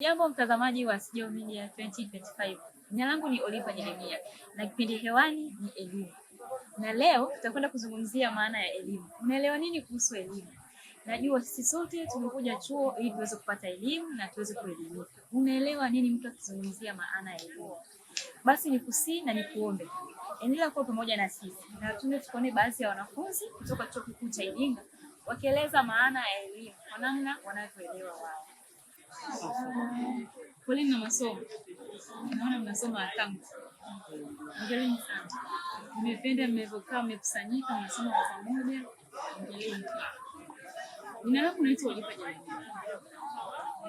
Jambo mtazamaji wa Sio Media 2025. Jina langu ni Oliva Jeremia na kipindi hewani ni elimu, na leo tutakwenda kuzungumzia maana ya elimu. Unaelewa nini kuhusu elimu? Najua sisi sote tumekuja chuo ili tuweze kupata elimu na tuweze kuelimika. Unaelewa nini mtu akizungumzia maana ya elimu? Basi ni kusii na ni kuombe. endelea kuwa pamoja na sisi na tuende tukaone baadhi ya wanafunzi kutoka chuo kikuu cha Iringa wakieleza maana ya elimu kwa namna wanavyoelewa wao. Poleni na masomo. Naona mnasoma tangu. Hongereni sana. Nimependa mmevyokaa, mmekusanyika, mnasoma kwa pamoja. Hongereni. Jina lako unaitwa Oliva jamani?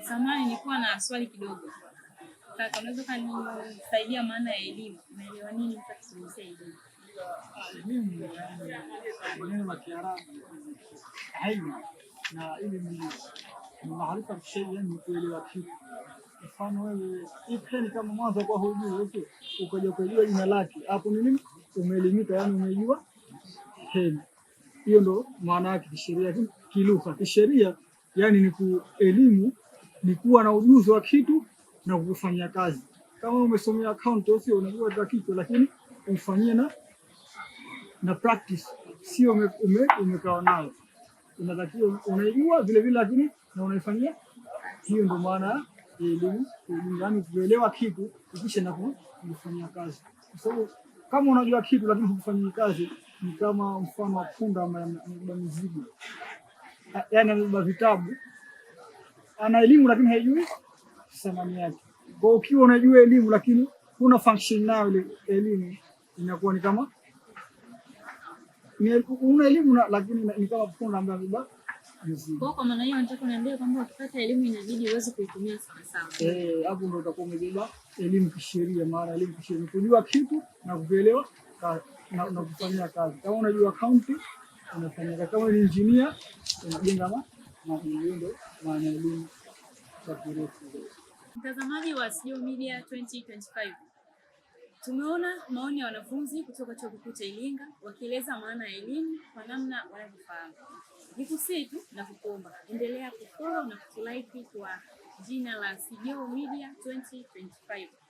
Samahani, nilikuwa na swali kidogo. Kaka, unaweza kanisaidia maana ya elimu? Unaelewa nini mtu akizungumzia elimu? Elimu neno Kiarabu ilmu, na elimu ni maarifa, kuelewa kitu Mfano wewe ikeni kama mwanzo kwa hujui wewe ukaja kujua jina lake hapo nini, umeelimika yani umejua tena Hiyo ndo maana yake kisheria, kilugha kisheria, yani ni kuelimu, ni kuwa na ujuzi wa kitu na kufanyia kazi. Kama umesomea account sio unajua kila kitu, lakini umfanyie na na practice, sio ume, ume, umekaa nayo, unatakiwa unaijua vile vile, lakini na unaifanyia. Hiyo ndo maana elimu, yaani kuelewa kitu kisha na kufanyia kazi, kwa sababu kama unajua kitu lakini hukifanyii kazi ni kama mfano wa punda amebeba mizigo, yani amebeba vitabu, ana elimu lakini haijui thamani yake. Kwa ukiwa unajua elimu lakini huna function nayo ile elimu, inakuwa ni kama una elimu lakini ni kama punda ambaye amebeba kwa kwa maana hiyo nataka niambie kwamba ukipata elimu inabidi uweze kuitumia sawa sawa. Eh, hapo ndio utakuwa umebeba elimu kisheria, maana elimu kisheria kujua kitu na kuelewa na, na kufanyia kazi. Kama unajua akaunti unafanya kazi, kama ni injinia unajenga ma ndio maana elimu kwa kirefu. Mtazamaji wa Sio Media 2025 Tumeona maoni ya wanafunzi kutoka Chuo Kikuu cha Iringa wakieleza maana ya elimu kwa namna wanavyofahamu. Nikusii tu na kukuomba endelea kufollow na kutulike kwa jina la sijo Media 2025.